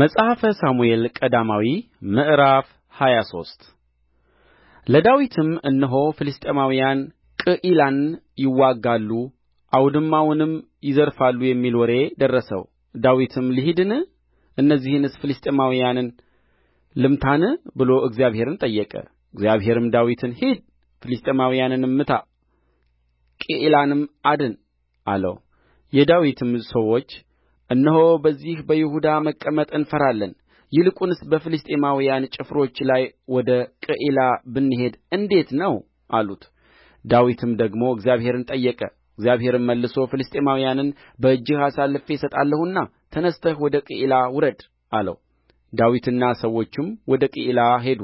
መጽሐፈ ሳሙኤል ቀዳማዊ ምዕራፍ ሃያ ሶስት ለዳዊትም እነሆ ፍልስጥኤማውያን ቅዒላን ይዋጋሉ አውድማውንም ይዘርፋሉ የሚል ወሬ ደረሰው። ዳዊትም ልሂድን? እነዚህንስ ፍልስጥኤማውያንን ልምታን? ብሎ እግዚአብሔርን ጠየቀ። እግዚአብሔርም ዳዊትን ሂድ፣ ፍልስጥኤማውያንንም ምታ፣ ቅዒላንም አድን አለው። የዳዊትም ሰዎች እነሆ በዚህ በይሁዳ መቀመጥ እንፈራለን ይልቁንስ በፍልስጥኤማውያን ጭፍሮች ላይ ወደ ቅዒላ ብንሄድ እንዴት ነው አሉት ዳዊትም ደግሞ እግዚአብሔርን ጠየቀ እግዚአብሔርም መልሶ ፍልስጥኤማውያንን በእጅህ አሳልፌ እሰጣለሁና ተነሥተህ ወደ ቅዒላ ውረድ አለው ዳዊትና ሰዎቹም ወደ ቅዒላ ሄዱ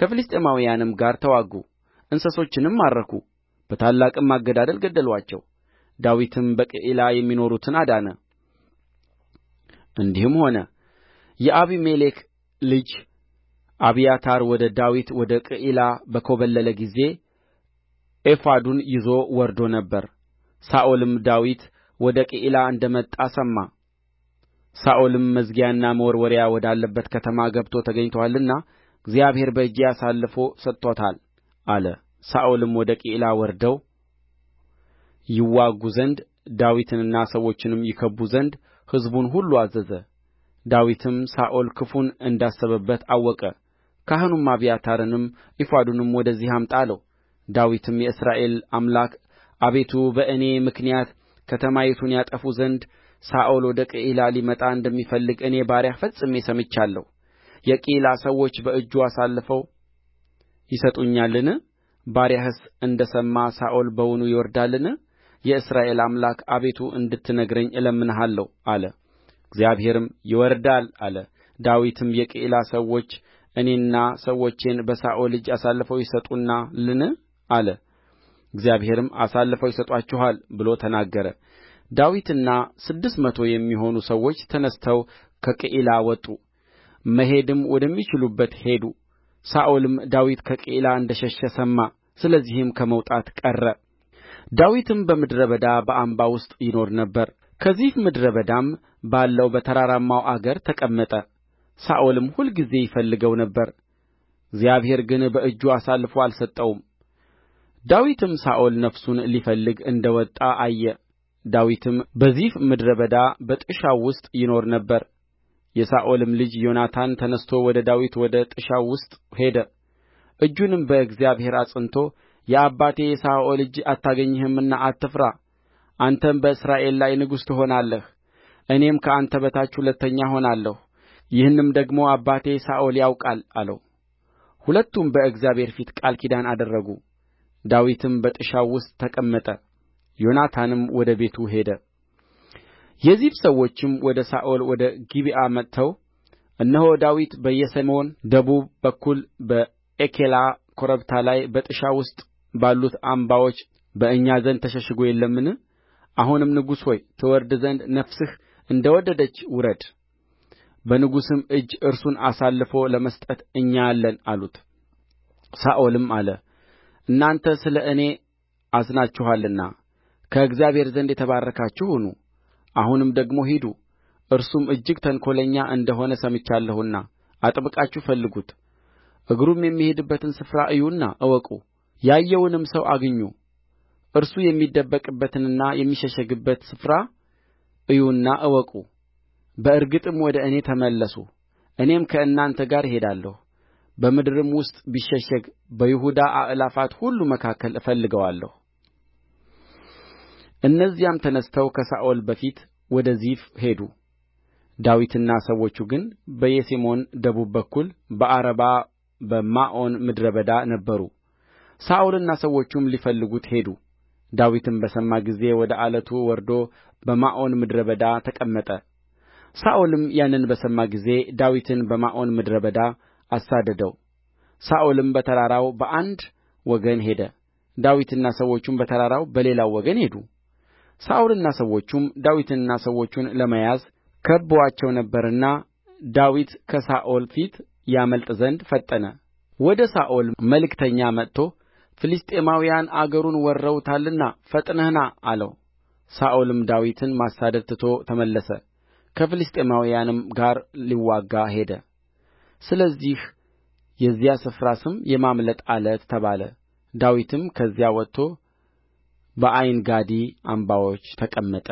ከፍልስጥኤማውያንም ጋር ተዋጉ እንስሶችንም ማረኩ በታላቅም አገዳደል ገደሉአቸው ዳዊትም በቅዒላ የሚኖሩትን አዳነ እንዲህም ሆነ የአቢሜሌክ ልጅ አብያታር ወደ ዳዊት ወደ ቅዒላ በኰበለለ ጊዜ ኤፉዱን ይዞ ወርዶ ነበር ሳኦልም ዳዊት ወደ ቅዒላ እንደ መጣ ሰማ ሳኦልም መዝጊያና መወርወሪያ ወዳለበት ከተማ ገብቶ ተገኝቶአልና እግዚአብሔር በእጄ አሳልፎ ሰጥቶታል አለ ሳኦልም ወደ ቅዒላ ወርደው ይዋጉ ዘንድ ዳዊትንና ሰዎቹንም ይከብቡ ዘንድ ሕዝቡን ሁሉ አዘዘ ዳዊትም ሳኦል ክፉን እንዳሰበበት አወቀ ካህኑም አብያታርንም ኤፉዱንም ወደዚህ አምጣ አለው ዳዊትም የእስራኤል አምላክ አቤቱ በእኔ ምክንያት ከተማይቱን ያጠፉ ዘንድ ሳኦል ወደ ቅዒላ ሊመጣ እንደሚፈልግ እኔ ባሪያህ ፈጽሜ ሰምቻለሁ የቅዒላ ሰዎች በእጁ አሳልፈው ይሰጡኛልን ባሪያህስ እንደ ሰማ ሳኦል በውኑ ይወርዳልን የእስራኤል አምላክ አቤቱ እንድትነግረኝ እለምንሃለሁ አለ እግዚአብሔርም ይወርዳል አለ ዳዊትም የቅዒላ ሰዎች እኔንና ሰዎቼን በሳኦል እጅ አሳልፈው ይሰጡናልን አለ እግዚአብሔርም አሳልፈው ይሰጡአችኋል ብሎ ተናገረ ዳዊትና ስድስት መቶ የሚሆኑ ሰዎች ተነሥተው ከቅዒላ ወጡ መሄድም ወደሚችሉበት ሄዱ ሳኦልም ዳዊት ከቅዒላ እንደ ሸሸ ሰማ ስለዚህም ከመውጣት ቀረ ዳዊትም በምድረ በዳ በአምባ ውስጥ ይኖር ነበር ከዚፍ ምድረ በዳም ባለው በተራራማው አገር ተቀመጠ ሳኦልም ሁልጊዜ ይፈልገው ነበር እግዚአብሔር ግን በእጁ አሳልፎ አልሰጠውም ዳዊትም ሳኦል ነፍሱን ሊፈልግ እንደ ወጣ አየ ዳዊትም በዚፍ ምድረ በዳ በጥሻው ውስጥ ይኖር ነበር የሳኦልም ልጅ ዮናታን ተነሥቶ ወደ ዳዊት ወደ ጥሻው ውስጥ ሄደ እጁንም በእግዚአብሔር አጽንቶ የአባቴ የሳኦል እጅ አታገኝህምና አትፍራ አንተም በእስራኤል ላይ ንጉሥ ትሆናለህ እኔም ከአንተ በታች ሁለተኛ እሆናለሁ ይህንም ደግሞ አባቴ ሳኦል ያውቃል አለው ሁለቱም በእግዚአብሔር ፊት ቃል ኪዳን አደረጉ ዳዊትም በጥሻው ውስጥ ተቀመጠ ዮናታንም ወደ ቤቱ ሄደ የዚፍ ሰዎችም ወደ ሳኦል ወደ ጊብዓ መጥተው እነሆ ዳዊት በየሰሞን ደቡብ በኩል በኤኬላ ኮረብታ ላይ በጥሻ ውስጥ ባሉት አምባዎች በእኛ ዘንድ ተሸሽጎ የለምን አሁንም ንጉሥ ሆይ ትወርድ ዘንድ ነፍስህ እንደ ወደደች ውረድ በንጉሡም እጅ እርሱን አሳልፎ ለመስጠት እኛ አለን አሉት ሳኦልም አለ እናንተ ስለ እኔ አዝናችኋልና ከእግዚአብሔር ዘንድ የተባረካችሁ ሁኑ አሁንም ደግሞ ሂዱ እርሱም እጅግ ተንኰለኛ እንደሆነ ሰምቻለሁና አጥብቃችሁ ፈልጉት እግሩም የሚሄድበትን ስፍራ እዩና እወቁ ያየውንም ሰው አግኙ እርሱ የሚደበቅበትንና የሚሸሸግበትን ስፍራ እዩና እወቁ በእርግጥም ወደ እኔ ተመለሱ እኔም ከእናንተ ጋር እሄዳለሁ በምድርም ውስጥ ቢሸሸግ በይሁዳ አእላፋት ሁሉ መካከል እፈልገዋለሁ እነዚያም ተነሥተው ከሳኦል በፊት ወደ ዚፍ ሄዱ ዳዊትና ሰዎቹ ግን በየሴሞን ደቡብ በኩል በዓረባ በማዖን ምድረ በዳ ነበሩ ሳኦልና ሰዎቹም ሊፈልጉት ሄዱ ዳዊትም በሰማ ጊዜ ወደ ዓለቱ ወርዶ በማዖን ምድረ በዳ ተቀመጠ ሳኦልም ያንን በሰማ ጊዜ ዳዊትን በማዖን ምድረ በዳ አሳደደው ሳኦልም በተራራው በአንድ ወገን ሄደ ዳዊትና ሰዎቹም በተራራው በሌላው ወገን ሄዱ ሳኦልና ሰዎቹም ዳዊትንና ሰዎቹን ለመያዝ ከበዋቸው ነበርና ዳዊት ከሳኦል ፊት ያመልጥ ዘንድ ፈጠነ ወደ ሳኦል መልእክተኛ መጥቶ ፍልስጥኤማውያን አገሩን ወርረውታልና ፈጥነህ ና አለው ሳኦልም ዳዊትን ማሳደድ ትቶ ተመለሰ ከፍልስጥኤማውያንም ጋር ሊዋጋ ሄደ ስለዚህ የዚያ ስፍራ ስም የማምለጥ ዓለት ተባለ ዳዊትም ከዚያ ወጥቶ በዓይንጋዲ አምባዎች ተቀመጠ